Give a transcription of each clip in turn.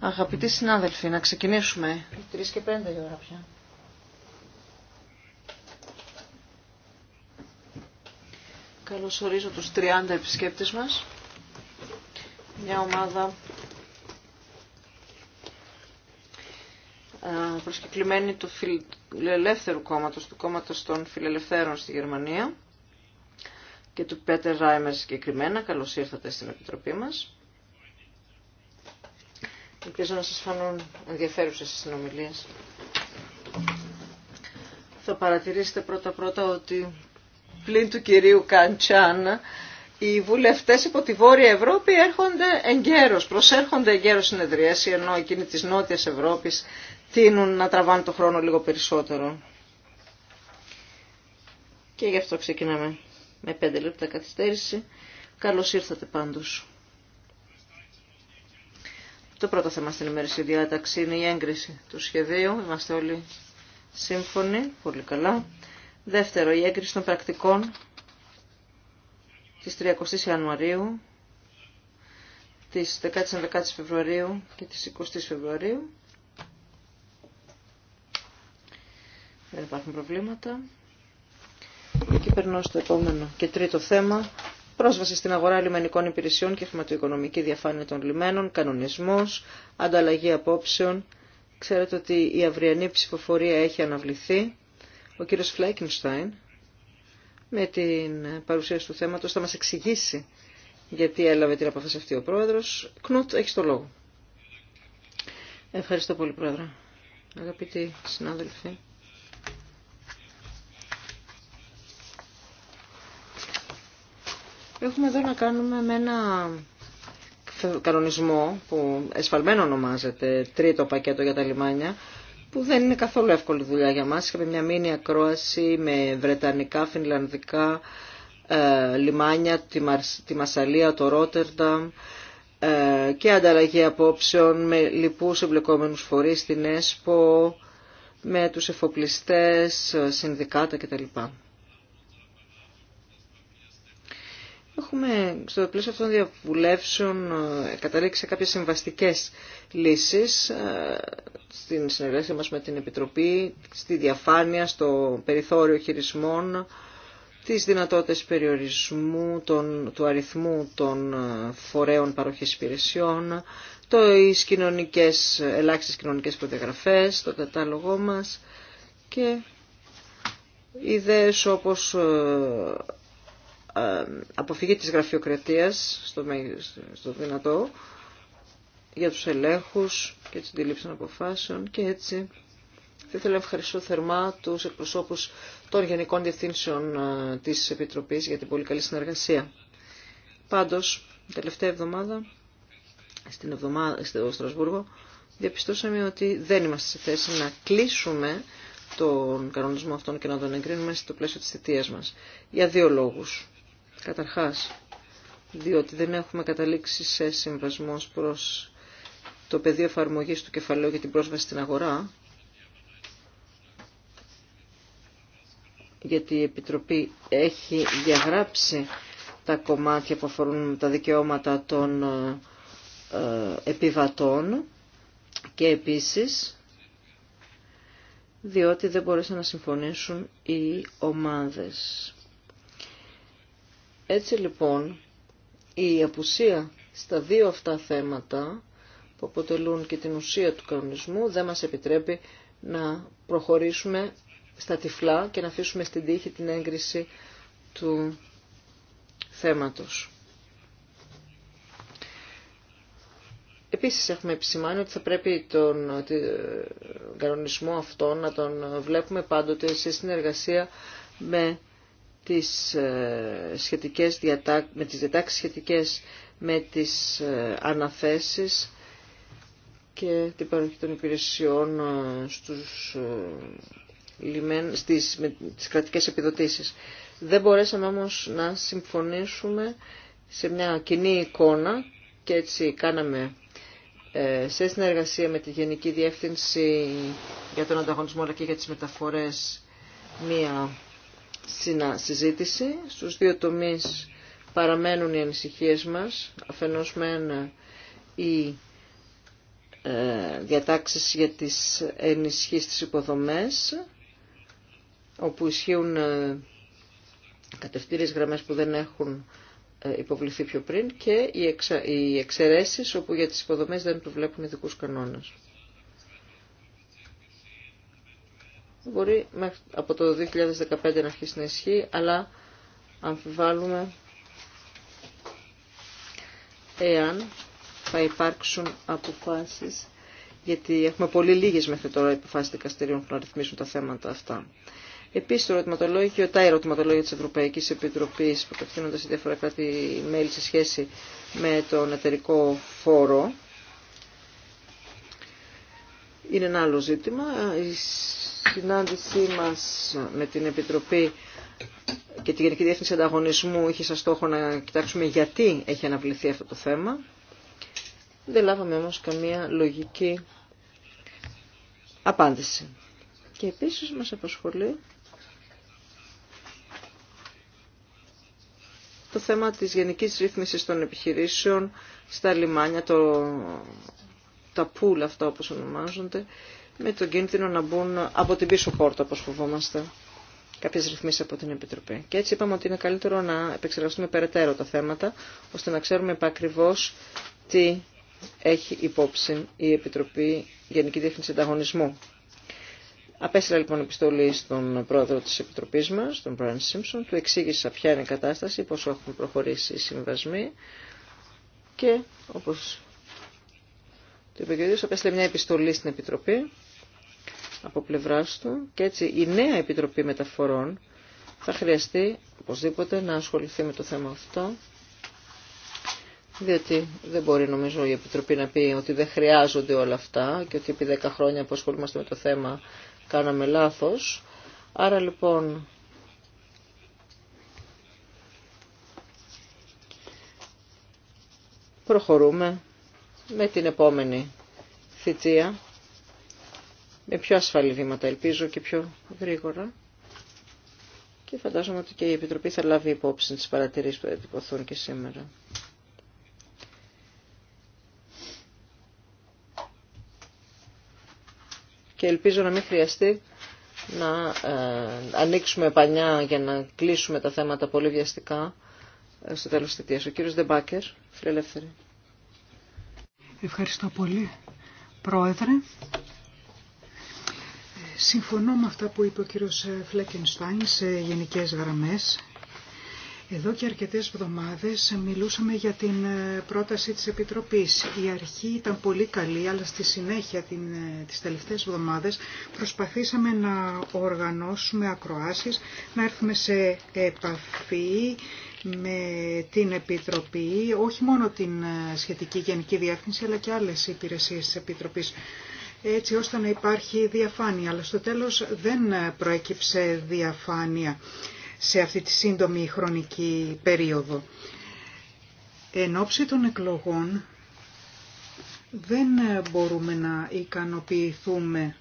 Αγαπητοί συνάδελφοι, να ξεκινήσουμε. Τρεις και πέντε η ώρα πια. Καλώς ορίζω τους 30 επισκέπτες μας. Μια ομάδα προσκεκλημένη του φιλελεύθερου κόμματος, του κόμματος των φιλελευθέρων στη Γερμανία και του Πέτερ Ράιμερ συγκεκριμένα. Καλώ ήρθατε στην Επιτροπή μας. Ελπίζω να σα φανούν ενδιαφέρουσε οι συνομιλίες. Θα παρατηρήσετε πρώτα-πρώτα ότι πλην του κυρίου Καντσάν οι βουλευτές από τη Βόρεια Ευρώπη έρχονται εγκαίρω, προσέρχονται εγκαίρως συνεδρίε, ενώ εκείνοι της Νότιας Ευρώπης τείνουν να τραβάνε το χρόνο λίγο περισσότερο. Και γι' αυτό ξεκινάμε με πέντε λεπτά καθυστέρηση. Καλώς ήρθατε πάντως. Το πρώτο θέμα στην ημερήσια διάταξη είναι η έγκριση του σχεδίου. Είμαστε όλοι σύμφωνοι, πολύ καλά. Δεύτερο, η έγκριση των πρακτικών της 30ης Ιανουαρίου, της 10 Φεβρουαρίου και της 20ης Φεβρουαρίου. Δεν υπάρχουν προβλήματα και περνώ στο επόμενο και τρίτο θέμα. Πρόσβαση στην αγορά λιμενικών υπηρεσιών και χρηματοοικονομική διαφάνεια των λιμένων, κανονισμός, ανταλλαγή απόψεων. Ξέρετε ότι η αυριανή ψηφοφορία έχει αναβληθεί. Ο κύριος Φλέκινστάιν με την παρουσίαση του θέματος θα μας εξηγήσει γιατί έλαβε την απόφαση αυτή ο πρόεδρος. Κνούτ, έχει το λόγο. Ευχαριστώ πολύ πρόεδρε. Αγαπητοί συνάδελφοι. Έχουμε εδώ να κάνουμε με ένα κανονισμό που εσφαλμένο ονομάζεται τρίτο πακέτο για τα λιμάνια που δεν είναι καθόλου εύκολη δουλειά για μας. Είχαμε μια μήνυα ακρόαση με βρετανικά, φινλανδικά ε, λιμάνια, τη, Μασαλία, το Ρότερνταμ ε, και ανταλλαγή απόψεων με λοιπούς εμπλεκόμενους φορείς στην ΕΣΠΟ, με τους εφοπλιστές, ε, συνδικάτα κτλ. Έχουμε στο πλαίσιο αυτών των διαβουλεύσεων ε, καταλήξει σε κάποιες συμβαστικές λύσεις ε, στην συνεργασία μας με την Επιτροπή, στη διαφάνεια, στο περιθώριο χειρισμών, τις δυνατότητες περιορισμού των, του αριθμού των ε, φορέων παροχής υπηρεσιών, το, τις κοινωνικές, ελάχιστες κοινωνικές προδιαγραφές, το κατάλογό μας και ιδέες όπως ε, αποφυγή της γραφειοκρατίας στο, στο δυνατό για τους ελέγχους και την λήψη των αποφάσεων και έτσι θα ήθελα να ευχαριστώ θερμά τους εκπροσώπους των Γενικών Διευθύνσεων ε, της Επιτροπής για την πολύ καλή συνεργασία. Πάντως, τελευταία εβδομάδα, στην εβδομάδα στο Στρασβούργο, διαπιστώσαμε ότι δεν είμαστε σε θέση να κλείσουμε τον κανονισμό αυτόν και να τον εγκρίνουμε στο πλαίσιο της θητείας μας. Για δύο λόγους. Καταρχάς, διότι δεν έχουμε καταλήξει σε συμβασμό προς το πεδίο εφαρμογή του κεφαλαίου για την πρόσβαση στην αγορά, γιατί η Επιτροπή έχει διαγράψει τα κομμάτια που αφορούν τα δικαιώματα των ε, ε, επιβατών και επίσης διότι δεν μπορούσαν να συμφωνήσουν οι ομάδες. Έτσι λοιπόν η απουσία στα δύο αυτά θέματα που αποτελούν και την ουσία του κανονισμού δεν μας επιτρέπει να προχωρήσουμε στα τυφλά και να αφήσουμε στην τύχη την έγκριση του θέματος. Επίσης έχουμε επισημάνει ότι θα πρέπει τον, τον κανονισμό αυτό να τον βλέπουμε πάντοτε σε συνεργασία με τις ε, σχετικές με τις διατάξεις σχετικές με τις ε, αναθέσεις και την παροχή των υπηρεσιών ε, στους λιμέν, στις, με κρατικές επιδοτήσεις. Δεν μπορέσαμε όμως να συμφωνήσουμε σε μια κοινή εικόνα και έτσι κάναμε σε συνεργασία με τη Γενική Διεύθυνση για τον Ανταγωνισμό αλλά και για τις μεταφορές μία στην συζήτηση. Στους δύο τομείς παραμένουν οι ανησυχίες μας, αφενός μεν οι ε, διατάξεις για τις ενισχύσεις της υποδομές, όπου ισχύουν ε, κατευθύνες γραμμές που δεν έχουν ε, υποβληθεί πιο πριν και οι, εξα... οι εξαιρέσεις όπου για τις υποδομές δεν προβλέπουν ειδικού κανόνες. μπορεί από το 2015 να αρχίσει να ισχύει, αλλά αμφιβάλλουμε εάν θα υπάρξουν αποφάσεις, γιατί έχουμε πολύ λίγες μέχρι τώρα αποφάσεις δικαστηρίων που να ρυθμίσουν τα θέματα αυτά. Επίση το ερωτηματολόγιο, τα ερωτηματολόγια τη Ευρωπαϊκή Επιτροπή που απευθύνονται σε διάφορα κράτη μέλη σε σχέση με τον εταιρικό φόρο, είναι ένα άλλο ζήτημα συνάντησή μας με την Επιτροπή και τη Γενική Διεύθυνση Ανταγωνισμού είχε σαν στόχο να κοιτάξουμε γιατί έχει αναβληθεί αυτό το θέμα. Δεν λάβαμε όμως καμία λογική απάντηση. Και επίσης μας απασχολεί το θέμα της γενικής ρύθμισης των επιχειρήσεων στα λιμάνια, το, τα πουλ αυτά όπως ονομάζονται, με τον κίνδυνο να μπουν από την πίσω πόρτα, όπως φοβόμαστε, κάποιες ρυθμίσεις από την Επιτροπή. Και έτσι είπαμε ότι είναι καλύτερο να επεξεργαστούμε περαιτέρω τα θέματα, ώστε να ξέρουμε επακριβώ τι έχει υπόψη η Επιτροπή Γενική Διεύθυνση Ανταγωνισμού. Απέστειλα λοιπόν επιστολή στον πρόεδρο της Επιτροπής μας, τον Brian Simpson, του εξήγησα ποια είναι η κατάσταση, πόσο έχουν προχωρήσει οι συμβασμοί και όπως το είπε και μια επιστολή στην Επιτροπή από πλευράς του και έτσι η νέα Επιτροπή Μεταφορών θα χρειαστεί οπωσδήποτε να ασχοληθεί με το θέμα αυτό διότι δεν μπορεί νομίζω η Επιτροπή να πει ότι δεν χρειάζονται όλα αυτά και ότι επί 10 χρόνια που ασχολούμαστε με το θέμα κάναμε λάθος. Άρα λοιπόν προχωρούμε με την επόμενη θητεία με πιο ασφαλή βήματα ελπίζω και πιο γρήγορα. Και φαντάζομαι ότι και η Επιτροπή θα λάβει υπόψη τις παρατηρήσεις που εντυπωθούν και σήμερα. Και ελπίζω να μην χρειαστεί να ε, ανοίξουμε πανιά για να κλείσουμε τα θέματα πολύ βιαστικά ε, στο τέλος της θητείας. Ο κύριος Δεμπάκερ, φιλελεύθερη. Ευχαριστώ πολύ, Πρόεδρε. Συμφωνώ με αυτά που είπε ο κύριος ε, Φλέκενστάιν σε γενικές γραμμές. Εδώ και αρκετές εβδομάδες μιλούσαμε για την ε, πρόταση της Επιτροπής. Η αρχή ήταν πολύ καλή, αλλά στη συνέχεια την, ε, τις τελευταίες εβδομάδες προσπαθήσαμε να οργανώσουμε ακροάσεις, να έρθουμε σε επαφή με την Επιτροπή, όχι μόνο την σχετική Γενική Διεύθυνση, αλλά και άλλες υπηρεσίες της Επιτροπής έτσι ώστε να υπάρχει διαφάνεια. Αλλά στο τέλος δεν προέκυψε διαφάνεια σε αυτή τη σύντομη χρονική περίοδο. Εν ώψη των εκλογών δεν μπορούμε να ικανοποιηθούμε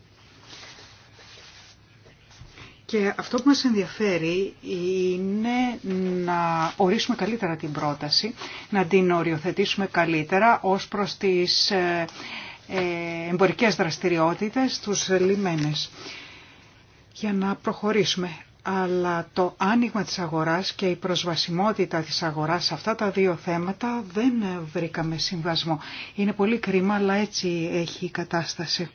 και αυτό που μας ενδιαφέρει είναι να ορίσουμε καλύτερα την πρόταση, να την οριοθετήσουμε καλύτερα ως προς τις ε, ε, εμπορικές δραστηριότητες τους λιμένες για να προχωρήσουμε. Αλλά το άνοιγμα της αγοράς και η προσβασιμότητα της αγοράς σε αυτά τα δύο θέματα δεν βρήκαμε συμβασμό. Είναι πολύ κρίμα, αλλά έτσι έχει η κατάσταση.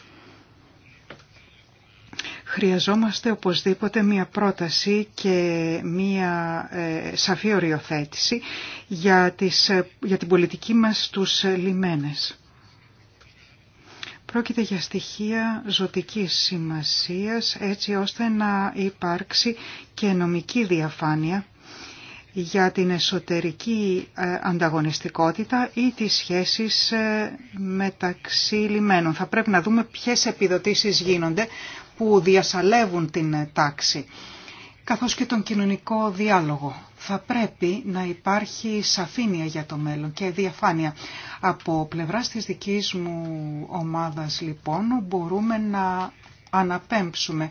Χρειαζόμαστε οπωσδήποτε μία πρόταση και μία ε, σαφή οριοθέτηση για, τις, ε, για την πολιτική μας τους λιμένες. Πρόκειται για στοιχεία ζωτικής σημασίας έτσι ώστε να υπάρξει και νομική διαφάνεια για την εσωτερική ε, ανταγωνιστικότητα ή τις σχέσεις ε, μεταξύ λιμένων. Θα πρέπει να δούμε ποιες επιδοτήσεις γίνονται που διασαλεύουν την τάξη καθώς και τον κοινωνικό διάλογο. Θα πρέπει να υπάρχει σαφήνεια για το μέλλον και διαφάνεια. Από πλευράς της δικής μου ομάδας λοιπόν μπορούμε να αναπέμψουμε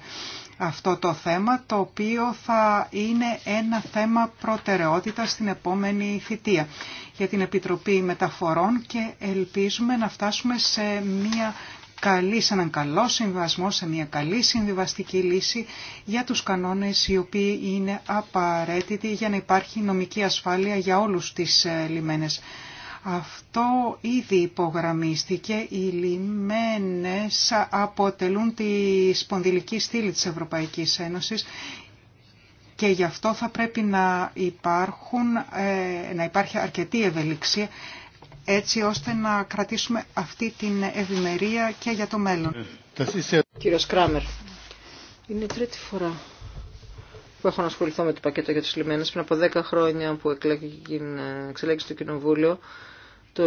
αυτό το θέμα το οποίο θα είναι ένα θέμα προτεραιότητα στην επόμενη θητεία για την Επιτροπή Μεταφορών και ελπίζουμε να φτάσουμε σε μια καλή, σε έναν καλό συμβασμό, σε μια καλή συμβιβαστική λύση για τους κανόνες οι οποίοι είναι απαραίτητοι για να υπάρχει νομική ασφάλεια για όλους τις ε, λιμένες. Αυτό ήδη υπογραμμίστηκε. Οι λιμένες αποτελούν τη σπονδυλική στήλη της Ευρωπαϊκής Ένωσης και γι' αυτό θα πρέπει να, υπάρχουν, ε, να υπάρχει αρκετή ευελιξία έτσι ώστε να κρατήσουμε αυτή την ευημερία και για το μέλλον. Κύριο Κράμερ, είναι η τρίτη φορά που έχω να ασχοληθώ με το πακέτο για τους λιμένες. Πριν από 10 χρόνια που εξελέγησε το Κοινοβούλιο, το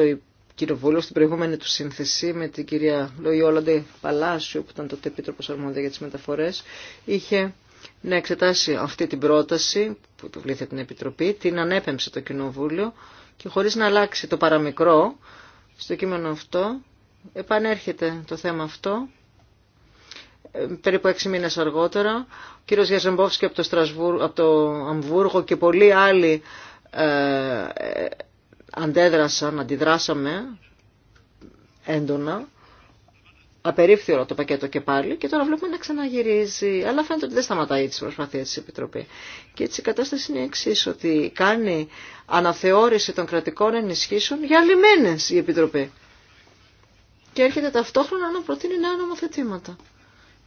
Κοινοβούλιο στην προηγούμενη του σύνθεση με την κυρία Λοιόλαντε Παλάσιο, που ήταν τότε επίτροπος αρμόδια για τις μεταφορές, είχε να εξετάσει αυτή την πρόταση που υποβλήθηκε την Επιτροπή, την ανέπεμψε το Κοινοβούλιο και χωρίς να αλλάξει το παραμικρό στο κείμενο αυτό, επανέρχεται το θέμα αυτό ε, περίπου έξι μήνες αργότερα. Ο κύριος Γιαζεμπόφσκι από το, από το Αμβούργο και πολλοί άλλοι ε, ε, αντέδρασαν, αντιδράσαμε έντονα Απερίφθη το πακέτο και πάλι και τώρα βλέπουμε να ξαναγυρίζει. Αλλά φαίνεται ότι δεν σταματάει τι προσπαθίε τη Επιτροπή. Και έτσι η κατάσταση είναι εξή, ότι κάνει αναθεώρηση των κρατικών ενισχύσεων για λιμένε η Επιτροπή. Και έρχεται ταυτόχρονα να προτείνει νέα νομοθετήματα.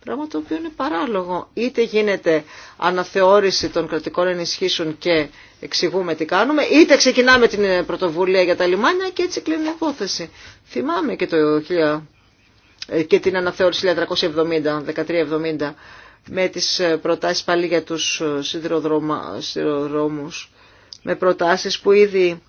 Πράγμα το οποίο είναι παράλογο. Είτε γίνεται αναθεώρηση των κρατικών ενισχύσεων και εξηγούμε τι κάνουμε, είτε ξεκινάμε την πρωτοβουλία για τα λιμάνια και έτσι κλείνει η υπόθεση. Θυμάμαι και το ε, και την αναθεώρηση 1370, 1370 με τις ε, προτάσεις πάλι για τους ε, σιδηροδρόμους, με προτάσεις που ήδη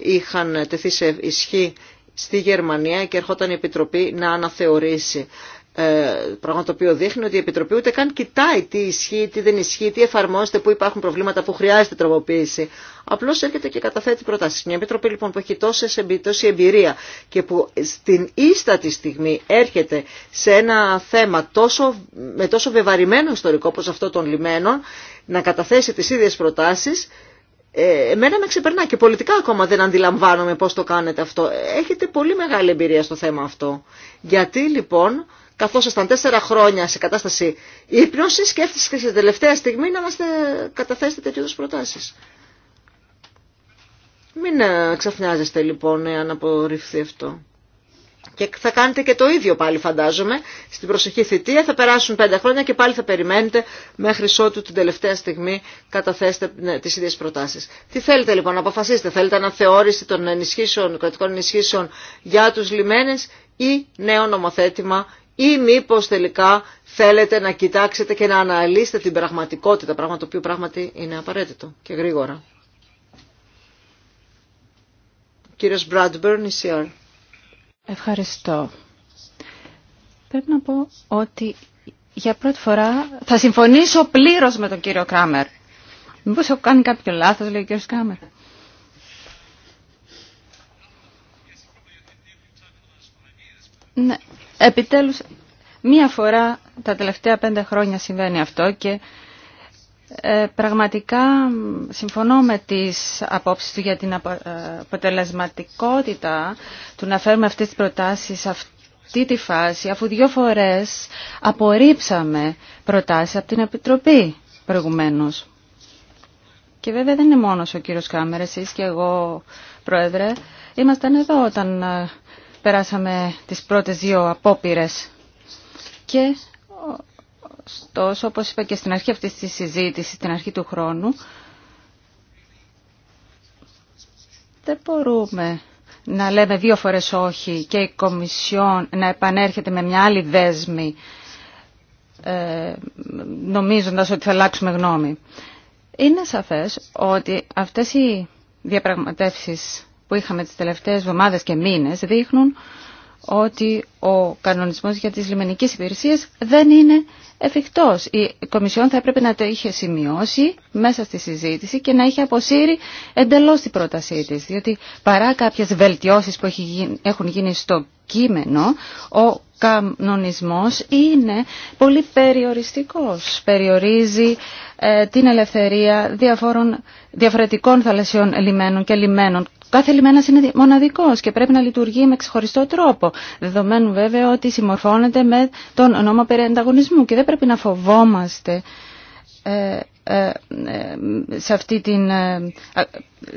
είχαν τεθεί σε ισχύ στη Γερμανία και ερχόταν η Επιτροπή να αναθεωρήσει. Ε, πράγμα το οποίο δείχνει ότι η Επιτροπή ούτε καν κοιτάει τι ισχύει, τι δεν ισχύει, τι εφαρμόζεται, πού υπάρχουν προβλήματα, πού χρειάζεται τροποποίηση. Απλώ έρχεται και καταθέτει προτάσει. Μια Επιτροπή λοιπόν που έχει τόση εμπειρία και που στην ίστατη στιγμή έρχεται σε ένα θέμα τόσο, με τόσο βεβαρημένο ιστορικό όπω αυτό των λιμένων να καταθέσει τι ίδιε προτάσει. Ε, εμένα με ξεπερνά και πολιτικά ακόμα δεν αντιλαμβάνομαι πώς το κάνετε αυτό. Έχετε πολύ μεγάλη εμπειρία στο θέμα αυτό. Γιατί λοιπόν καθώς ήσταν τέσσερα χρόνια σε κατάσταση ύπνωση, σκέφτεσαι και σε τελευταία στιγμή να μας καταθέσετε τέτοιου είδους προτάσεις. Μην ε, ξαφνιάζεστε λοιπόν αν απορριφθεί αυτό. Και θα κάνετε και το ίδιο πάλι φαντάζομαι. Στην προσεχή θητεία θα περάσουν πέντε χρόνια και πάλι θα περιμένετε μέχρι ότου την τελευταία στιγμή καταθέσετε ναι, τις ίδιες προτάσεις. Τι θέλετε λοιπόν να αποφασίσετε. Θέλετε αναθεώρηση των ενισχύσεων, κρατικών ενισχύσεων για τους λιμένες ή νέο νομοθέτημα ή μήπω τελικά θέλετε να κοιτάξετε και να αναλύσετε την πραγματικότητα, πράγμα το οποίο πράγματι είναι απαραίτητο και γρήγορα. Κύριος Bradburn, Ευχαριστώ. Πρέπει να πω ότι για πρώτη φορά θα συμφωνήσω πλήρως με τον κύριο Κράμερ. Μήπως έχω κάνει κάποιο λάθος, λέει ο κύριος Κράμερ. Ναι, Επιτέλους, μία φορά τα τελευταία πέντε χρόνια συμβαίνει αυτό και ε, πραγματικά συμφωνώ με τις απόψεις του για την ε, αποτελεσματικότητα του να φέρουμε αυτές τις προτάσεις σε αυτή τη φάση, αφού δύο φορές απορρίψαμε προτάσεις από την Επιτροπή προηγουμένως. Και βέβαια δεν είναι μόνος ο κύριος Κάμερ, εσείς και εγώ, Πρόεδρε, ήμασταν εδώ όταν ε, περάσαμε τις πρώτες δύο απόπειρες και ωστόσο όπως είπα και στην αρχή αυτή της συζήτησης, στην αρχή του χρόνου δεν μπορούμε να λέμε δύο φορές όχι και η Κομισιόν να επανέρχεται με μια άλλη δέσμη ε, νομίζοντας ότι θα αλλάξουμε γνώμη. Είναι σαφές ότι αυτές οι διαπραγματεύσεις που είχαμε τις τελευταίες εβδομάδες και μήνες δείχνουν ότι ο κανονισμός για τις λιμενικές υπηρεσίες δεν είναι εφικτός. Η Κομισιόν θα έπρεπε να το είχε σημειώσει μέσα στη συζήτηση και να είχε αποσύρει εντελώς την πρότασή της, διότι παρά κάποιες βελτιώσεις που έχουν γίνει στο κείμενο, ο κανονισμός είναι πολύ περιοριστικός. Περιορίζει ε, την ελευθερία διαφόρων διαφορετικών θαλασσιών λιμένων και λιμένων. Κάθε λιμένα είναι μοναδικό και πρέπει να λειτουργεί με ξεχωριστό τρόπο. Δεδομένου βέβαια ότι συμμορφώνεται με τον νόμο περί ανταγωνισμού και δεν πρέπει να φοβόμαστε ε, ε, ε, σε αυτή την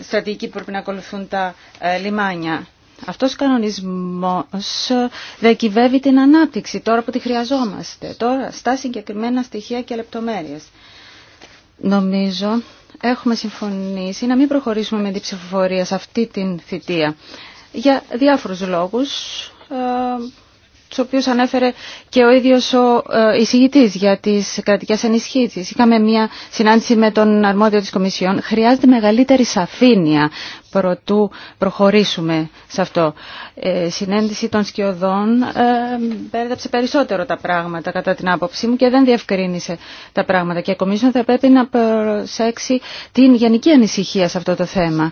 στρατηγική που πρέπει να ακολουθούν τα λιμάνια. Αυτός ο κανονισμός διακυβεύει την ανάπτυξη τώρα που τη χρειαζόμαστε, τώρα στα συγκεκριμένα στοιχεία και λεπτομέρειες. Νομίζω έχουμε συμφωνήσει να μην προχωρήσουμε με την ψηφοφορία σε αυτή την θητεία. Για διάφορους λόγους, ε, τους οποίους ανέφερε και ο ίδιος ο ε, εισηγητής για τις κρατικές ενισχύσει. Είχαμε μια συνάντηση με τον αρμόδιο της Κομισιόν. Χρειάζεται μεγαλύτερη σαφήνεια προτού προχωρήσουμε σε αυτό. Ε, συνέντηση των σκιωδών ε, περισσότερο τα πράγματα κατά την άποψή μου και δεν διευκρίνησε τα πράγματα. Και η Κομισιόν θα πρέπει να προσέξει την γενική ανησυχία σε αυτό το θέμα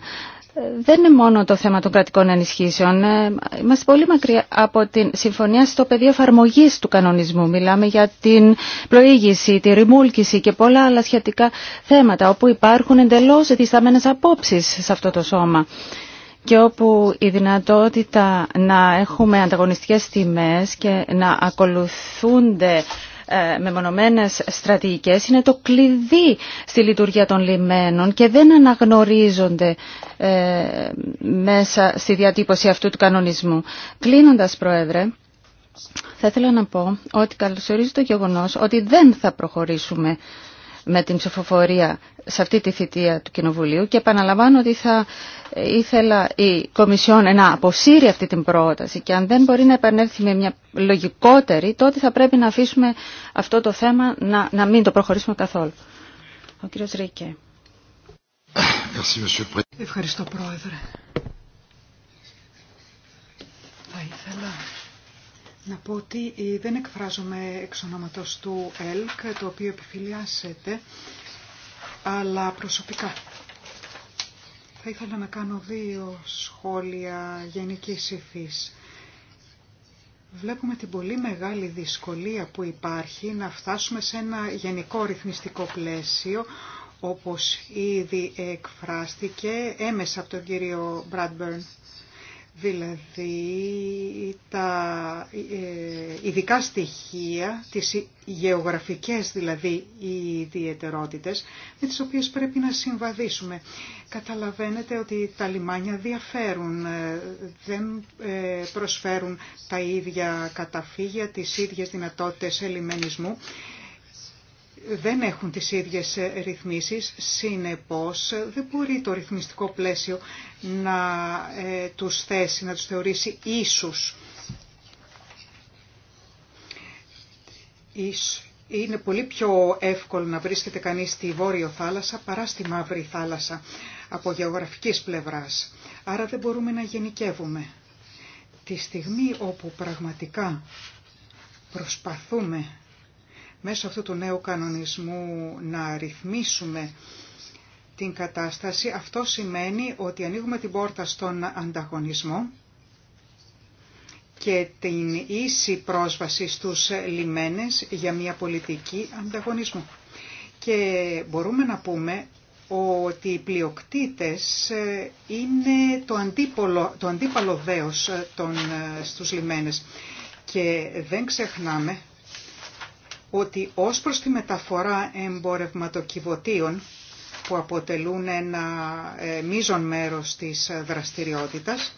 δεν είναι μόνο το θέμα των κρατικών ενισχύσεων. Ε, είμαστε πολύ μακριά από την συμφωνία στο πεδίο εφαρμογή του κανονισμού. Μιλάμε για την πλοήγηση, τη ρημούλκηση και πολλά άλλα σχετικά θέματα, όπου υπάρχουν εντελώς δισταμένες απόψεις σε αυτό το σώμα και όπου η δυνατότητα να έχουμε ανταγωνιστικές τιμές και να ακολουθούνται ε, μεμονωμένες στρατηγικές είναι το κλειδί στη λειτουργία των λιμένων και δεν αναγνωρίζονται ε, μέσα στη διατύπωση αυτού του κανονισμού. Κλείνοντας, Πρόεδρε, θα ήθελα να πω ότι καλωσορίζει το γεγονός ότι δεν θα προχωρήσουμε με την ψηφοφορία σε αυτή τη θητεία του Κοινοβουλίου και επαναλαμβάνω ότι θα ήθελα η Κομισιόν να αποσύρει αυτή την πρόταση και αν δεν μπορεί να επανέλθει με μια λογικότερη, τότε θα πρέπει να αφήσουμε αυτό το θέμα να, μην το προχωρήσουμε καθόλου. Ο κύριος Ρίκε. Ευχαριστώ Πρόεδρε. Θα ήθελα να πω ότι ε, δεν εκφράζομαι εξ ονόματος του ΕΛΚ, το οποίο επιφυλιάσετε, αλλά προσωπικά. Θα ήθελα να κάνω δύο σχόλια γενικής υφής. Βλέπουμε την πολύ μεγάλη δυσκολία που υπάρχει να φτάσουμε σε ένα γενικό ρυθμιστικό πλαίσιο, όπως ήδη εκφράστηκε έμεσα από τον κύριο Μπραντμπερν δηλαδή τα ε, ειδικά στοιχεία, τις γεωγραφικές δηλαδή οι ιδιαιτερότητες με τις οποίες πρέπει να συμβαδίσουμε. Καταλαβαίνετε ότι τα λιμάνια διαφέρουν, ε, δεν ε, προσφέρουν τα ίδια καταφύγια, τις ίδιες δυνατότητες ελιμενισμού δεν έχουν τις ίδιες ε, ρυθμίσεις, συνεπώς δεν μπορεί το ρυθμιστικό πλαίσιο να ε, τους θέσει, να τους θεωρήσει ίσους. Είναι πολύ πιο εύκολο να βρίσκεται κανείς στη Βόρειο Θάλασσα παρά στη Μαύρη Θάλασσα από γεωγραφικής πλευράς. Άρα δεν μπορούμε να γενικεύουμε. Τη στιγμή όπου πραγματικά προσπαθούμε μέσω αυτού του νέου κανονισμού να ρυθμίσουμε την κατάσταση, αυτό σημαίνει ότι ανοίγουμε την πόρτα στον ανταγωνισμό και την ίση πρόσβαση στους λιμένες για μια πολιτική ανταγωνισμού. Και μπορούμε να πούμε ότι οι πλειοκτήτες ε, είναι το, αντίπολο, το αντίπαλο δέος ε, των, ε, στους λιμένες. Και δεν ξεχνάμε ότι ως προς τη μεταφορά εμπορευματοκιβωτίων που αποτελούν ένα ε, μείζον μέρος της δραστηριότητας,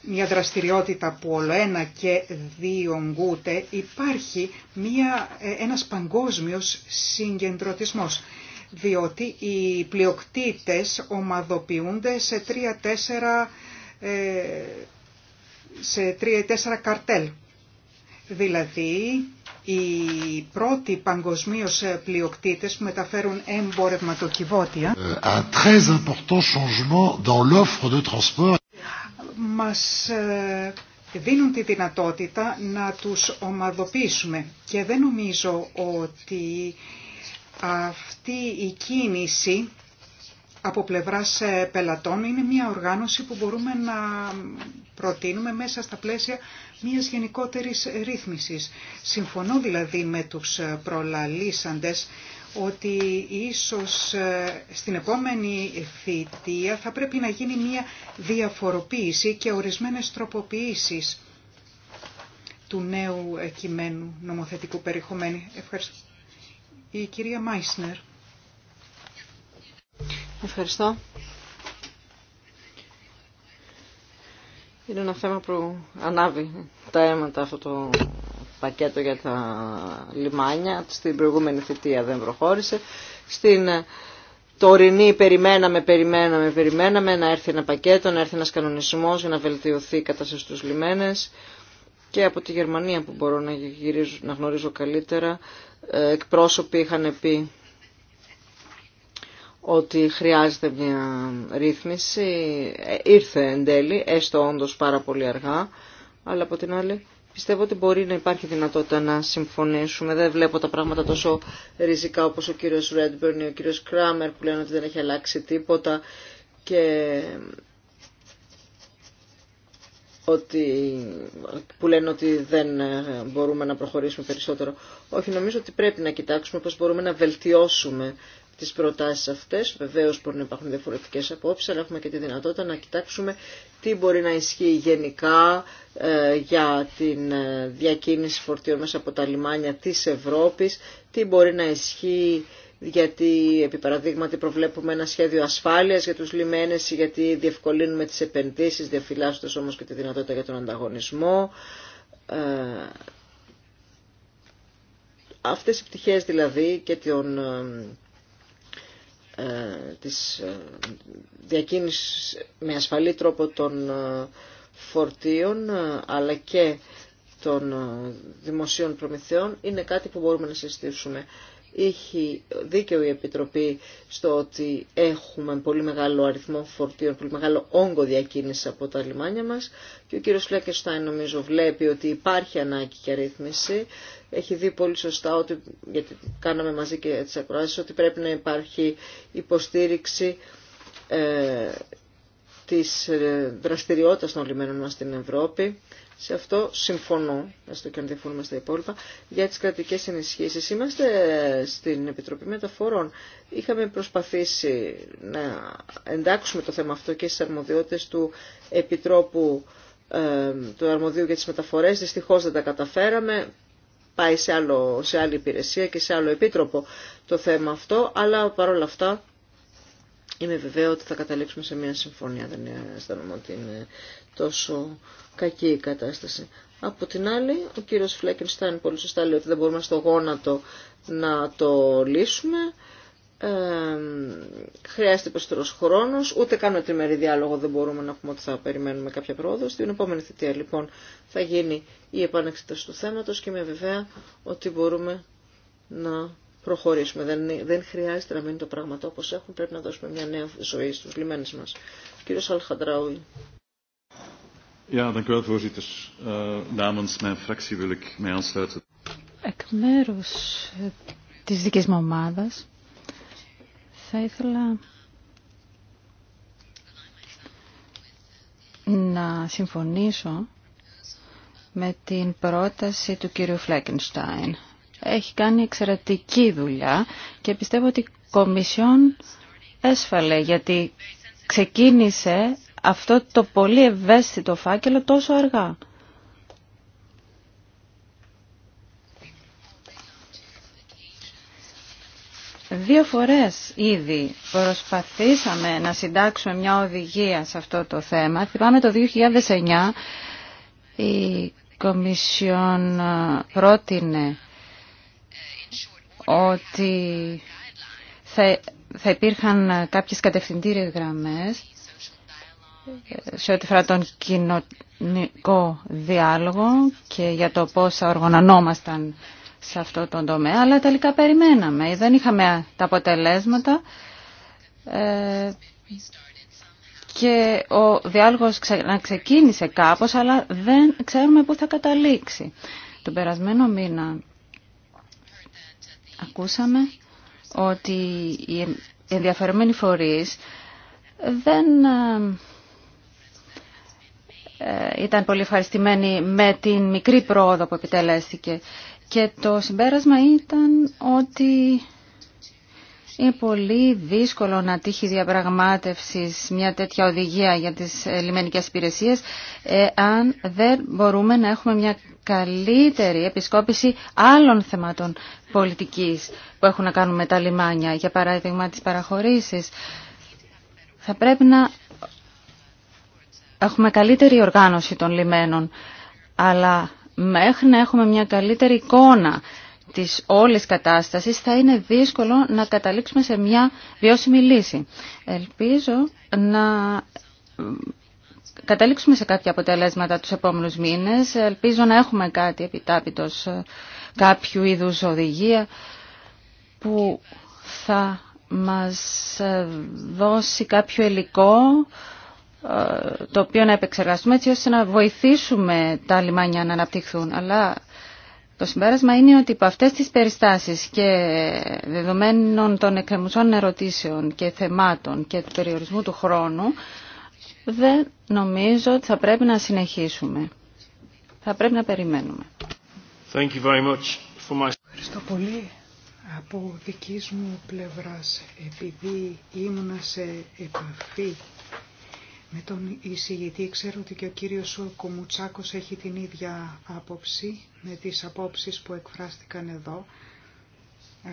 μια δραστηριότητα που ένα και δύο διονγκούται, υπάρχει μια, ε, ένας παγκόσμιος συγκεντρωτισμός, διότι οι πλειοκτήτες ομαδοποιούνται σε τρία-τέσσερα ε, σε τρία-τέσσερα καρτέλ δηλαδή οι πρώτοι παγκοσμίω πλειοκτήτες που μεταφέρουν εμπορευματοκιβώτια ε, un très important changement dans l'offre de transport μας ε, δίνουν τη δυνατότητα να τους ομαδοποιήσουμε και δεν νομίζω ότι αυτή η κίνηση από πλευράς ε, πελατών είναι μια οργάνωση που μπορούμε να προτείνουμε μέσα στα πλαίσια μιας γενικότερης ρύθμισης. Συμφωνώ δηλαδή με τους προλαλήσαντες ότι ίσως ε, στην επόμενη θητεία θα πρέπει να γίνει μια διαφοροποίηση και ορισμένες τροποποιήσεις του νέου ε, κειμένου νομοθετικού περιεχομένου. Ευχαριστώ. Η κυρία Μάισνερ. Ευχαριστώ. Είναι ένα θέμα που ανάβει τα αίματα αυτό το πακέτο για τα λιμάνια. Στην προηγούμενη θητεία δεν προχώρησε. Στην ε, τωρινή περιμέναμε, περιμέναμε, περιμέναμε να έρθει ένα πακέτο, να έρθει ένας κανονισμός για να βελτιωθεί η κατάσταση στους λιμένες. Και από τη Γερμανία που μπορώ να, να γνωρίζω καλύτερα, ε, εκπρόσωποι είχαν πει ότι χρειάζεται μια ρύθμιση. Ε, ήρθε εν τέλει, έστω όντως πάρα πολύ αργά, αλλά από την άλλη πιστεύω ότι μπορεί να υπάρχει δυνατότητα να συμφωνήσουμε. Δεν βλέπω τα πράγματα τόσο ριζικά όπως ο κύριος Ρέντμπερν ή ο κύριος Κράμερ που λένε ότι δεν έχει αλλάξει τίποτα και ότι, που λένε ότι δεν ε, μπορούμε να προχωρήσουμε περισσότερο. Όχι, νομίζω ότι πρέπει να κοιτάξουμε πώς μπορούμε να βελτιώσουμε τις προτάσεις αυτές. Βεβαίως μπορεί να υπάρχουν διαφορετικές απόψεις, αλλά έχουμε και τη δυνατότητα να κοιτάξουμε τι μπορεί να ισχύει γενικά ε, για την ε, διακίνηση φορτίων μέσα από τα λιμάνια της Ευρώπης, τι μπορεί να ισχύει γιατί επί παραδείγματι προβλέπουμε ένα σχέδιο ασφάλειας για τους λιμένες, γιατί διευκολύνουμε τις επενδύσεις, διαφυλάσσοντας όμως και τη δυνατότητα για τον ανταγωνισμό. Ε, αυτές οι πτυχές δηλαδή και των ε, της ε, διακίνησης με ασφαλή τρόπο των ε, φορτίων αλλά και των δημοσίων προμηθεών είναι κάτι που μπορούμε να συζητήσουμε. Είχε δίκαιο η Επιτροπή στο ότι έχουμε πολύ μεγάλο αριθμό φορτίων, πολύ μεγάλο όγκο διακίνηση από τα λιμάνια μας και ο κύριος Φλέκεστάιν νομίζω βλέπει ότι υπάρχει ανάγκη και αρρύθμιση. Έχει δει πολύ σωστά, ότι, γιατί κάναμε μαζί και τις ακροάσεις, ότι πρέπει να υπάρχει υποστήριξη ε, της ε, δραστηριότητας των λιμένων μας στην Ευρώπη σε αυτό συμφωνώ, έστω και αν διαφωνούμε στα υπόλοιπα, για τις κρατικές ενισχύσεις. Είμαστε στην Επιτροπή Μεταφορών. Είχαμε προσπαθήσει να εντάξουμε το θέμα αυτό και στις αρμοδιότητες του Επιτρόπου ε, του Αρμοδίου για τις Μεταφορές. Δυστυχώς δεν τα καταφέραμε. Πάει σε, άλλο, σε άλλη υπηρεσία και σε άλλο επίτροπο το θέμα αυτό, αλλά παρόλα αυτά Είμαι βεβαίω ότι θα καταλήξουμε σε μια συμφωνία, δεν αισθάνομαι ότι είναι τόσο κακή η κατάσταση. Από την άλλη, ο κύριος Φλέκενστάιν πολύ σωστά λέει ότι δεν μπορούμε στο γόνατο να το λύσουμε. Ε, χρειάζεται περισσότερο χρόνο, ούτε καν τριμερή διάλογο δεν μπορούμε να πούμε ότι θα περιμένουμε κάποια πρόοδο. Στην επόμενη θητεία λοιπόν θα γίνει η επανεξέταση του θέματο και είμαι βεβαία ότι μπορούμε να προχωρήσουμε. Δεν, χρειάζεται να μείνει το πράγμα όπω έχουν. Πρέπει να δώσουμε μια νέα ζωή στους λιμένες μας. Κύριος Αλχαντράουι. Eh, Εκ μέρους ε, της δικής μου ομάδας θα ήθελα να συμφωνήσω με την πρόταση του κύριου Φλέκενστάιν έχει κάνει εξαιρετική δουλειά και πιστεύω ότι η Κομισιόν έσφαλε γιατί ξεκίνησε αυτό το πολύ ευαίσθητο φάκελο τόσο αργά. Δύο φορές ήδη προσπαθήσαμε να συντάξουμε μια οδηγία σε αυτό το θέμα. Θυμάμαι το 2009 η Κομισιόν πρότεινε ότι θα, θα υπήρχαν κάποιες κατευθυντήριες γραμμές σε ό,τι φορά τον κοινωνικό διάλογο και για το πώς θα οργανωνόμασταν σε αυτό τον τομέα, αλλά τελικά περιμέναμε. Ε, δεν είχαμε τα αποτελέσματα ε, και ο διάλογος να ξεκίνησε κάπως, αλλά δεν ξέρουμε πού θα καταλήξει. Τον περασμένο μήνα Ακούσαμε ότι οι ενδιαφερομένοι φορείς δεν ε, ε, ήταν πολύ ευχαριστημένοι με την μικρή πρόοδο που επιτελέστηκε. Και το συμπέρασμα ήταν ότι είναι πολύ δύσκολο να τύχει διαπραγμάτευση μια τέτοια οδηγία για τις ε, λιμενικές υπηρεσίες ε, αν δεν μπορούμε να έχουμε μια καλύτερη επισκόπηση άλλων θεματών πολιτικής που έχουν να κάνουν με τα λιμάνια, για παράδειγμα τις παραχωρήσει. Θα πρέπει να έχουμε καλύτερη οργάνωση των λιμένων, αλλά μέχρι να έχουμε μια καλύτερη εικόνα της όλης κατάστασης θα είναι δύσκολο να καταλήξουμε σε μια βιώσιμη λύση. Ελπίζω να καταλήξουμε σε κάποια αποτελέσματα τους επόμενους μήνες. Ελπίζω να έχουμε κάτι επιτάπητος, ε, κάποιου είδους οδηγία που θα μας ε, δώσει κάποιο υλικό ε, το οποίο να επεξεργαστούμε έτσι ώστε να βοηθήσουμε τα λιμάνια να αναπτυχθούν. Αλλά το συμπέρασμα είναι ότι από αυτές τις περιστάσεις και δεδομένων των εκκρεμουσών ερωτήσεων και θεμάτων και του περιορισμού του χρόνου, δεν νομίζω ότι θα πρέπει να συνεχίσουμε. Θα πρέπει να περιμένουμε. Thank you very much for my... Ευχαριστώ πολύ από δικής μου πλευράς, επειδή ήμουνα σε επαφή με τον εισηγητή. Ξέρω ότι και ο κύριος Κομουτσάκος έχει την ίδια άποψη με τις απόψεις που εκφράστηκαν εδώ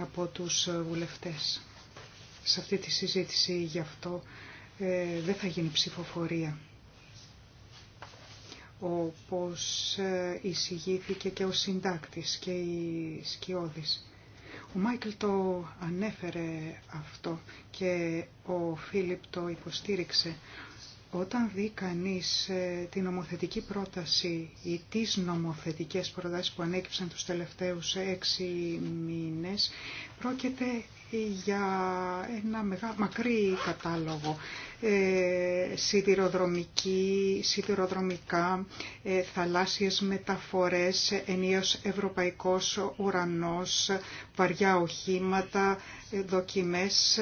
από τους βουλευτές. Σε αυτή τη συζήτηση γι' αυτό ε, δεν θα γίνει ψηφοφορία. Όπως ε, εισηγήθηκε και ο συντάκτης και η σκιώδης. Ο Μάικλ το ανέφερε αυτό και ο Φίλιπ το υποστήριξε όταν δει κανείς ε, την νομοθετική πρόταση ή τις νομοθετικές προτάσεις που ανέκυψαν τους τελευταίους έξι μήνες, πρόκειται για ένα μεγάλο, μακρύ κατάλογο. Ε, σιδηροδρομική, σιδηροδρομικά, ε, θαλάσσιες μεταφορές, ενίος ευρωπαϊκός ουρανός, βαριά οχήματα, ε, δοκιμές,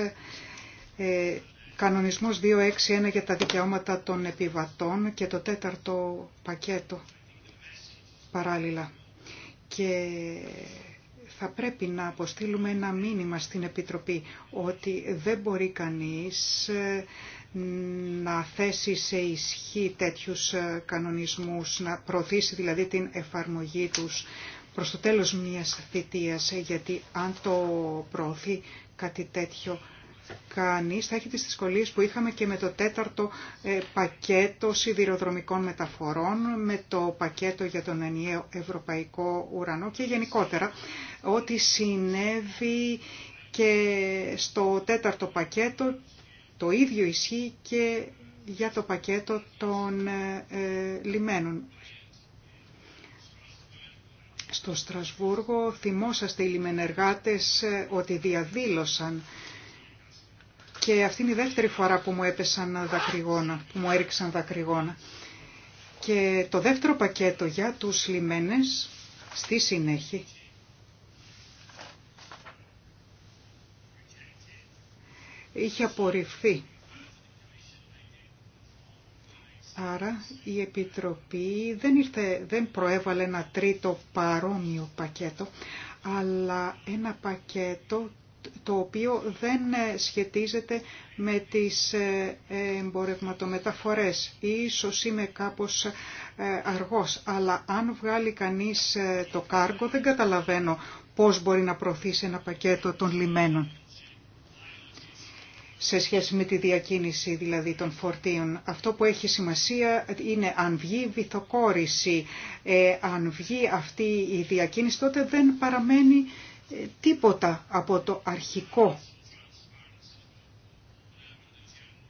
ε, κανονισμός 261 για τα δικαιώματα των επιβατών και το τέταρτο πακέτο παράλληλα. Και θα πρέπει να αποστείλουμε ένα μήνυμα στην Επιτροπή ότι δεν μπορεί κανείς ε, να θέσει σε ισχύ τέτοιους ε, κανονισμούς, να προωθήσει δηλαδή την εφαρμογή τους προς το τέλος μιας θητείας, γιατί αν το προωθεί κάτι τέτοιο κανείς θα έχει τις δυσκολίες που είχαμε και με το τέταρτο ε, πακέτο σιδηροδρομικών μεταφορών, με το πακέτο για τον ενιαίο ευρωπαϊκό ουρανό και γενικότερα ό,τι συνέβη και στο τέταρτο πακέτο το ίδιο ισχύει και για το πακέτο των ε, ε, λιμένων. Στο Στρασβούργο θυμόσαστε οι λιμενεργάτες ότι διαδήλωσαν και αυτή είναι η δεύτερη φορά που μου έπεσαν δακρυγόνα, που μου έριξαν δακρυγόνα. Και το δεύτερο πακέτο για τους λιμένες στη συνέχεια είχε απορριφθεί. Άρα η Επιτροπή δεν, δεν προέβαλε ένα τρίτο παρόμοιο πακέτο, αλλά ένα πακέτο το οποίο δεν ε, σχετίζεται με τις ε, εμπορευματομεταφορές. Ίσως είμαι κάπως ε, αργός, αλλά αν βγάλει κανείς το κάργο δεν καταλαβαίνω πώς μπορεί να προωθήσει ένα πακέτο των λιμένων σε σχέση με τη διακίνηση δηλαδή των φορτίων. Αυτό που έχει σημασία είναι αν βγει βυθοκόρηση, αν βγει αυτή η διακίνηση, τότε δεν παραμένει τίποτα από το αρχικό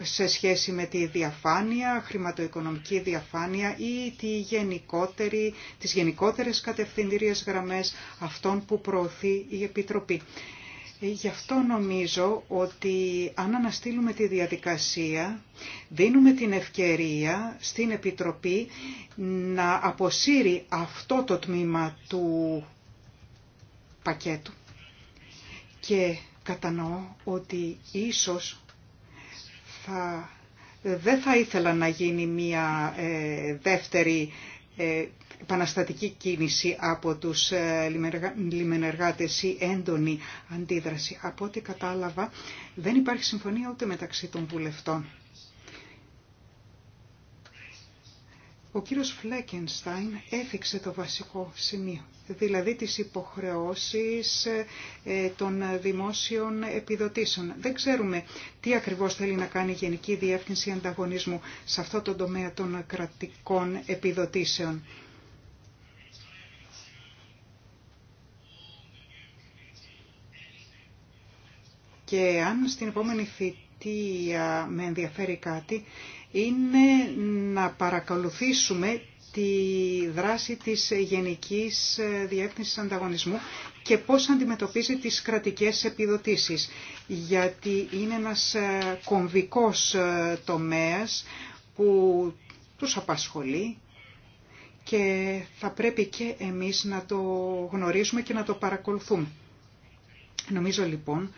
σε σχέση με τη διαφάνεια, χρηματοοικονομική διαφάνεια ή τη γενικότερη, τις γενικότερες κατευθυντήριες γραμμές αυτών που προωθεί η Επιτροπή. Ε, γι' αυτό νομίζω ότι αν αναστείλουμε τη διαδικασία, δίνουμε την ευκαιρία στην Επιτροπή να αποσύρει αυτό το τμήμα του πακέτου και κατανοώ ότι ίσως θα, δεν θα ήθελα να γίνει μία ε, δεύτερη ε, επαναστατική κίνηση από τους ε, λιμενεργάτες ή έντονη αντίδραση. Από ό,τι κατάλαβα δεν υπάρχει συμφωνία ούτε μεταξύ των βουλευτών. Ο κύριος Φλέκενστάιν έφυξε το βασικό σημείο, δηλαδή τις υποχρεώσεις ε, των δημόσιων επιδοτήσεων. Δεν ξέρουμε τι ακριβώς θέλει να κάνει η Γενική Διεύθυνση Ανταγωνισμού σε αυτό το τομέα των κρατικών επιδοτήσεων. Και αν στην επόμενη θητεία με ενδιαφέρει κάτι, είναι να παρακολουθήσουμε τη δράση της Γενικής Διεύθυνσης Ανταγωνισμού και πώς αντιμετωπίζει τις κρατικές επιδοτήσεις, γιατί είναι ένας ε, κομβικός ε, τομέας που τους απασχολεί και θα πρέπει και εμείς να το γνωρίζουμε και να το παρακολουθούμε. Νομίζω λοιπόν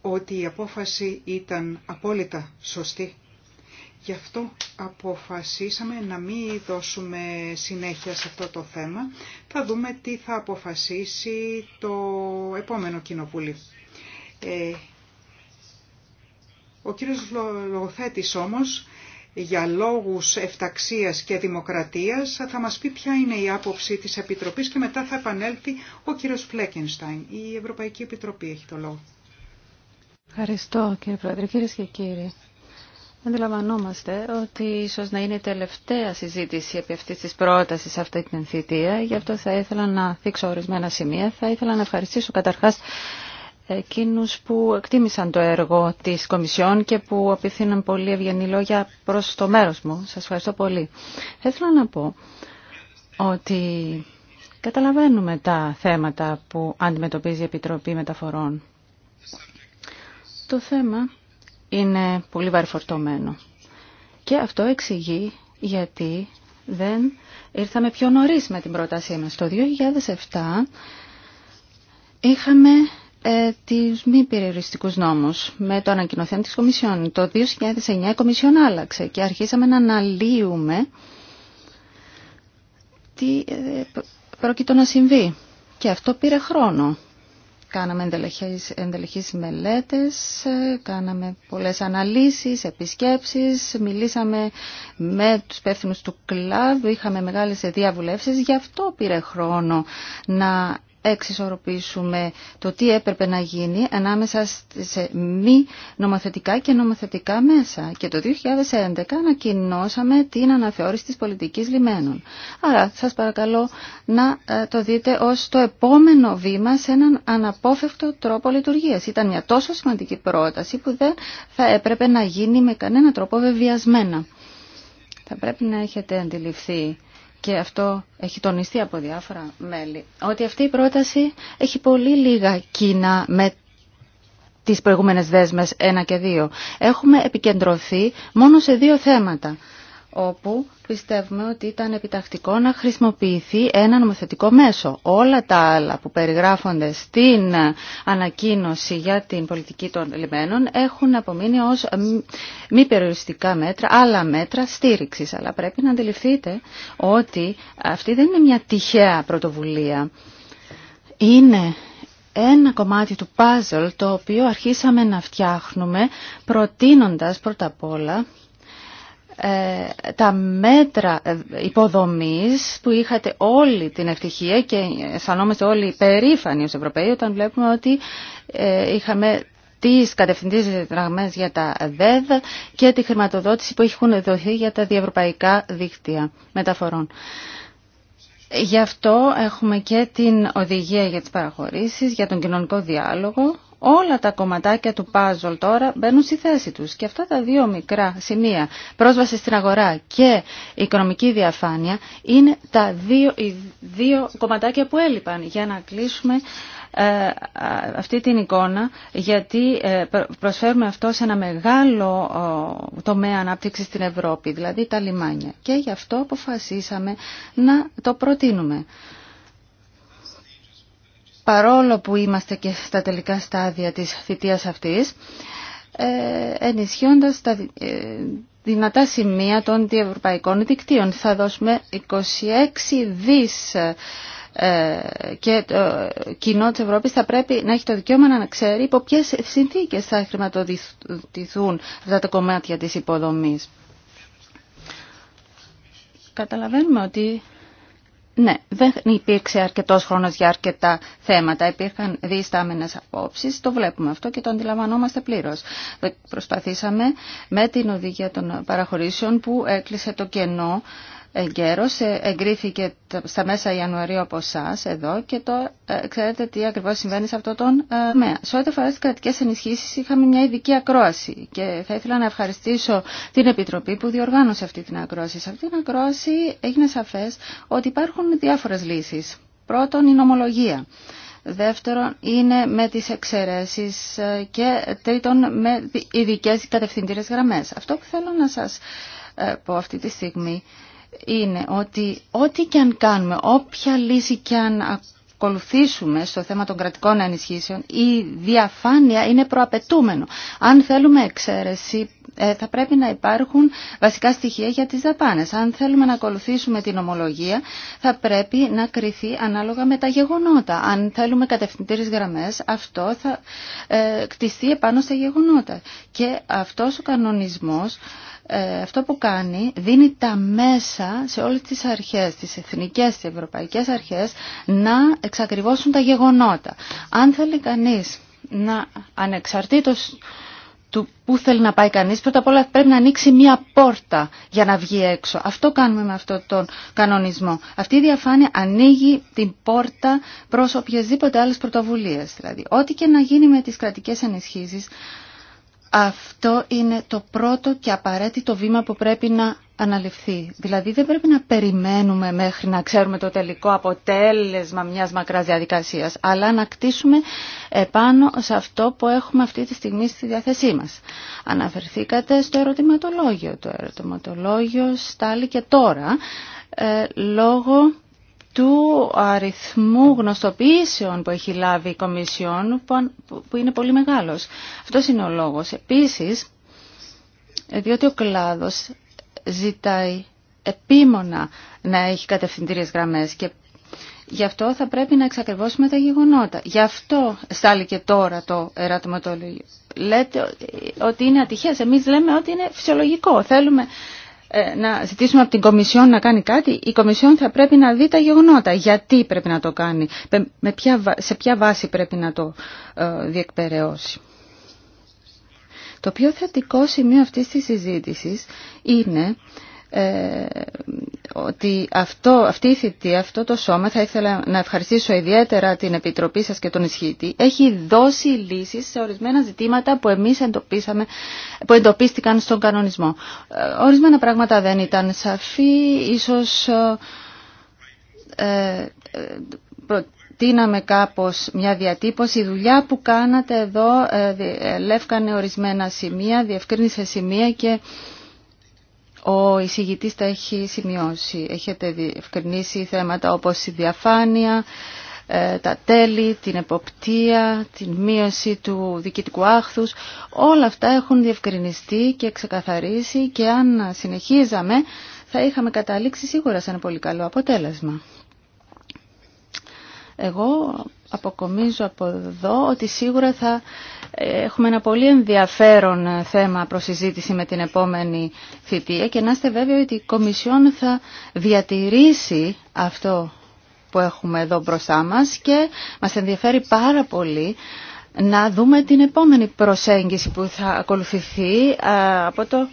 ότι η απόφαση ήταν απόλυτα σωστή Γι' αυτό αποφασίσαμε να μην δώσουμε συνέχεια σε αυτό το θέμα. Θα δούμε τι θα αποφασίσει το επόμενο κοινοβούλιο. Ε, ο κύριος Λογοθέτης όμως, για λόγους εφταξίας και δημοκρατίας, θα μας πει ποια είναι η άποψη της Επιτροπής και μετά θα επανέλθει ο κύριος Φλέκενστάιν. Η Ευρωπαϊκή Επιτροπή έχει το λόγο. Ευχαριστώ κύριε Πρόεδρε. Κύριε και κύριοι. Αντιλαμβανόμαστε ότι ίσως να είναι η τελευταία συζήτηση επί αυτής της πρότασης αυτή την θητεία. Γι' αυτό θα ήθελα να θίξω ορισμένα σημεία. Θα ήθελα να ευχαριστήσω καταρχάς εκείνους που εκτίμησαν το έργο της Κομισιόν και που απευθύναν πολύ ευγενή λόγια προς το μέρος μου. Σας ευχαριστώ πολύ. Θα ήθελα να πω ότι καταλαβαίνουμε τα θέματα που αντιμετωπίζει η Επιτροπή Μεταφορών. Το θέμα είναι πολύ βαρυφορτωμένο. Και αυτό εξηγεί γιατί δεν ήρθαμε πιο νωρίς με την πρότασή μας. Το 2007 είχαμε ε, τις μη περιοριστικούς νόμους με το ανακοινωθέν της Κομισιόν. Το 2009 η Κομισιόν άλλαξε και αρχίσαμε να αναλύουμε τι ε, πρόκειτο να συμβεί. Και αυτό πήρε χρόνο. Κάναμε εντελεχείς, μελέτε, μελέτες, κάναμε πολλές αναλύσεις, επισκέψεις, μιλήσαμε με τους υπεύθυνου του κλάδου, είχαμε μεγάλες διαβουλεύσεις. Γι' αυτό πήρε χρόνο να εξισορροπήσουμε το τι έπρεπε να γίνει ανάμεσα σε μη νομοθετικά και νομοθετικά μέσα. Και το 2011 ανακοινώσαμε την αναθεώρηση της πολιτικής λιμένων. Άρα σας παρακαλώ να ε, το δείτε ως το επόμενο βήμα σε έναν αναπόφευκτο τρόπο λειτουργίας. Ήταν μια τόσο σημαντική πρόταση που δεν θα έπρεπε να γίνει με κανένα τρόπο βεβιασμένα. Θα πρέπει να έχετε αντιληφθεί και αυτό έχει τονιστεί από διάφορα μέλη, ότι αυτή η πρόταση έχει πολύ λίγα κοινά με τις προηγούμενες δέσμες 1 και 2. Έχουμε επικεντρωθεί μόνο σε δύο θέματα όπου πιστεύουμε ότι ήταν επιτακτικό να χρησιμοποιηθεί ένα νομοθετικό μέσο. Όλα τα άλλα που περιγράφονται στην ανακοίνωση για την πολιτική των λιμένων έχουν απομείνει ως μη περιοριστικά μέτρα, άλλα μέτρα στήριξης. Αλλά πρέπει να αντιληφθείτε ότι αυτή δεν είναι μια τυχαία πρωτοβουλία. Είναι ένα κομμάτι του puzzle το οποίο αρχίσαμε να φτιάχνουμε προτείνοντας πρώτα απ' όλα ε, τα μέτρα ε, υποδομής που είχατε όλη την ευτυχία και αισθανόμαστε όλοι περήφανοι ως Ευρωπαίοι όταν βλέπουμε ότι ε, είχαμε τις κατευθυντήριες δραγμές για τα ΔΕΔ και τη χρηματοδότηση που έχουν δοθεί για τα διευρωπαϊκά δίκτυα μεταφορών. Γι' αυτό έχουμε και την οδηγία για τις παραχωρήσεις, για τον κοινωνικό διάλογο Όλα τα κομματάκια του πάζολ τώρα μπαίνουν στη θέση τους και αυτά τα δύο μικρά σημεία, πρόσβαση στην αγορά και οικονομική διαφάνεια, είναι τα δύο, δύο κομματάκια που έλειπαν για να κλείσουμε ε, αυτή την εικόνα γιατί ε, προσφέρουμε αυτό σε ένα μεγάλο τομέα ανάπτυξη στην Ευρώπη, δηλαδή τα λιμάνια. Και γι' αυτό αποφασίσαμε να το προτείνουμε παρόλο που είμαστε και στα τελικά στάδια της θητείας αυτής, ε, ενισχύοντας τα ε, δυνατά σημεία των διευρωπαϊκών δικτύων. Θα δώσουμε 26 δις ε, και το κοινό της Ευρώπης θα πρέπει να έχει το δικαίωμα να ξέρει υπό ποιες συνθήκες θα χρηματοδοτηθούν αυτά τα κομμάτια της υποδομής. Καταλαβαίνουμε ότι ναι, δεν υπήρξε αρκετό χρόνο για αρκετά θέματα. Υπήρχαν διστάμενε απόψει. Το βλέπουμε αυτό και το αντιλαμβανόμαστε πλήρω. Προσπαθήσαμε με την οδηγία των παραχωρήσεων που έκλεισε το κενό εγκαίρως, ε, εγκρίθηκε στα μέσα Ιανουαρίου από εσά εδώ και τώρα ε, ξέρετε τι ακριβώς συμβαίνει σε αυτό τον τομέα. Ε, σε ό,τι αφορά τις κρατικές ενισχύσεις είχαμε μια ειδική ακρόαση και θα ήθελα να ευχαριστήσω την Επιτροπή που διοργάνωσε αυτή την ακρόαση. Σε αυτή την ακρόαση έγινε σαφές ότι υπάρχουν διάφορες λύσεις. Πρώτον, η νομολογία. Δεύτερον, είναι με τις εξαιρέσει και τρίτον, με ειδικέ κατευθυντήρες γραμμές. Αυτό που θέλω να σας πω αυτή τη στιγμή είναι ότι ό,τι και αν κάνουμε, όποια λύση και αν ακολουθήσουμε στο θέμα των κρατικών ενισχύσεων, η διαφάνεια είναι προαπαιτούμενο. Αν θέλουμε εξαίρεση, ε, θα πρέπει να υπάρχουν βασικά στοιχεία για τις δαπάνες. Αν θέλουμε να ακολουθήσουμε την ομολογία, θα πρέπει να κριθεί ανάλογα με τα γεγονότα. Αν θέλουμε κατευθυντήρες γραμμές, αυτό θα ε, κτιστεί επάνω στα γεγονότα. Και αυτός ο κανονισμός ε, αυτό που κάνει δίνει τα μέσα σε όλες τις αρχές, τις εθνικές, τις ευρωπαϊκές αρχές να εξακριβώσουν τα γεγονότα. Αν θέλει κανείς να ανεξαρτήτως του πού θέλει να πάει κανείς, πρώτα απ' όλα πρέπει να ανοίξει μία πόρτα για να βγει έξω. Αυτό κάνουμε με αυτόν τον κανονισμό. Αυτή η διαφάνεια ανοίγει την πόρτα προς οποιασδήποτε άλλες πρωτοβουλίες. Δηλαδή, ό,τι και να γίνει με τις κρατικές ενισχύσεις, αυτό είναι το πρώτο και απαραίτητο βήμα που πρέπει να αναλυφθεί. Δηλαδή δεν πρέπει να περιμένουμε μέχρι να ξέρουμε το τελικό αποτέλεσμα μιας μακράς διαδικασίας, αλλά να κτίσουμε επάνω σε αυτό που έχουμε αυτή τη στιγμή στη διάθεσή μας. Αναφερθήκατε στο ερωτηματολόγιο. Το ερωτηματολόγιο στάλει και τώρα ε, λόγω του αριθμού γνωστοποιήσεων που έχει λάβει η Κομισιόν, που είναι πολύ μεγάλος. Αυτός είναι ο λόγος. Επίσης, διότι ο κλάδος ζητάει επίμονα να έχει κατευθυντήριες γραμμές και γι' αυτό θα πρέπει να εξακριβώσουμε τα γεγονότα. Γι' αυτό στάλει και τώρα το ερωτηματολόγιο. Λέτε ότι είναι ατυχές. Εμείς λέμε ότι είναι φυσιολογικό. Θέλουμε ε, να ζητήσουμε από την Κομισιόν να κάνει κάτι, η Κομισιόν θα πρέπει να δει τα γεγονότα. Γιατί πρέπει να το κάνει, με ποια, σε ποια βάση πρέπει να το ε, διεκπαιρεώσει. Το πιο θετικό σημείο αυτής της συζήτησης είναι ε, ότι αυτό, αυτή η θητή, αυτό το σώμα, θα ήθελα να ευχαριστήσω ιδιαίτερα την Επιτροπή σας και τον Ισχύτη, έχει δώσει λύσεις σε ορισμένα ζητήματα που εμείς εντοπίσαμε, που εντοπίστηκαν στον κανονισμό. Ε, ορισμένα πράγματα δεν ήταν σαφή, ίσως ε, ε, προτείναμε κάπως μια διατύπωση. Η δουλειά που κάνατε εδώ ε, ε λεύκανε ορισμένα σημεία, διευκρίνησε σημεία και ο εισηγητής τα έχει σημειώσει. Έχετε διευκρινίσει θέματα όπως η διαφάνεια, ε, τα τέλη, την εποπτεία, την μείωση του διοικητικού άχθους. Όλα αυτά έχουν διευκρινιστεί και ξεκαθαρίσει και αν συνεχίζαμε θα είχαμε καταλήξει σίγουρα σε ένα πολύ καλό αποτέλεσμα. Εγώ αποκομίζω από εδώ ότι σίγουρα θα ε, έχουμε ένα πολύ ενδιαφέρον ε, θέμα προς συζήτηση με την επόμενη θητεία και να είστε βέβαιοι ότι η Κομισιόν θα διατηρήσει αυτό που έχουμε εδώ μπροστά μας και μας ενδιαφέρει πάρα πολύ να δούμε την επόμενη προσέγγιση που θα ακολουθηθεί ε, από το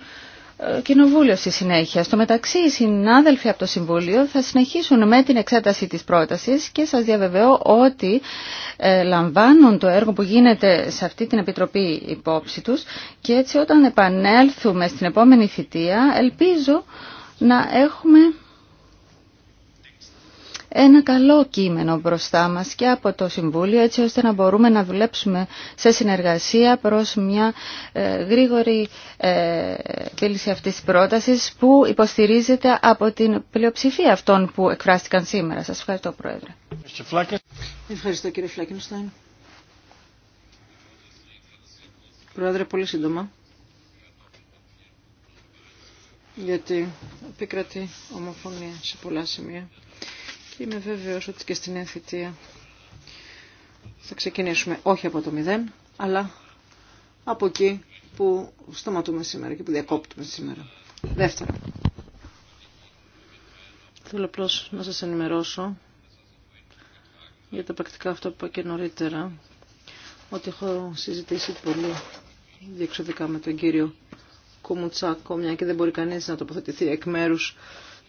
ε, κοινοβούλιο στη συνέχεια. Στο μεταξύ, οι συνάδελφοι από το Συμβούλιο θα συνεχίσουν με την εξέταση της πρότασης και σας διαβεβαιώ ότι ε, λαμβάνουν το έργο που γίνεται σε αυτή την Επιτροπή υπόψη τους και έτσι όταν επανέλθουμε στην επόμενη θητεία ελπίζω να έχουμε ένα καλό κείμενο μπροστά μας και από το Συμβούλιο έτσι ώστε να μπορούμε να δουλέψουμε σε συνεργασία προς μια ε, γρήγορη ε, πύληση αυτής της πρότασης που υποστηρίζεται από την πλειοψηφία αυτών που εκφράστηκαν σήμερα. Σας ευχαριστώ Πρόεδρε. Ευχαριστώ κύριε Πρόεδρε, πολύ σύντομα. Γιατί επικρατεί ομοφωνία σε πολλά σημεία είμαι βέβαιος ότι και στην εμφυτεία θα ξεκινήσουμε όχι από το μηδέν, αλλά από εκεί που σταματούμε σήμερα και που διακόπτουμε σήμερα. Δεύτερο. Θέλω απλώ να σας ενημερώσω για τα πρακτικά αυτά που είπα και νωρίτερα, ότι έχω συζητήσει πολύ διεξοδικά με τον κύριο Κουμουτσάκο, μια και δεν μπορεί κανείς να τοποθετηθεί εκ μέρους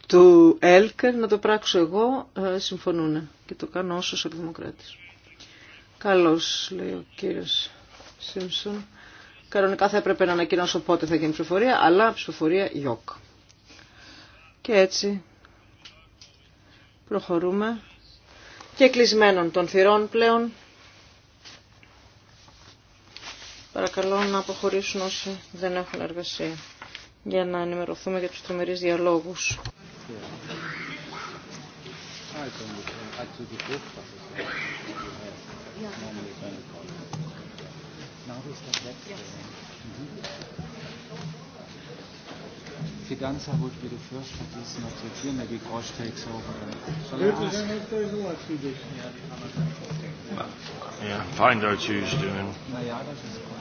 του ΕΛΚΕΡ να το πράξω εγώ ε, συμφωνούν και το κάνω ως δημοκράτης. Καλώς λέει ο κύριος Σίμψον. Κανονικά θα έπρεπε να ανακοινώσω πότε θα γίνει ψηφοφορία, αλλά ψηφοφορία γιοκ. Και έτσι προχωρούμε και κλεισμένων των θυρών πλέον. Παρακαλώ να αποχωρήσουν όσοι δεν έχουν εργασία για να ενημερωθούμε για τους τρομερείς διαλόγους. Fidanza would be the Yeah, find out das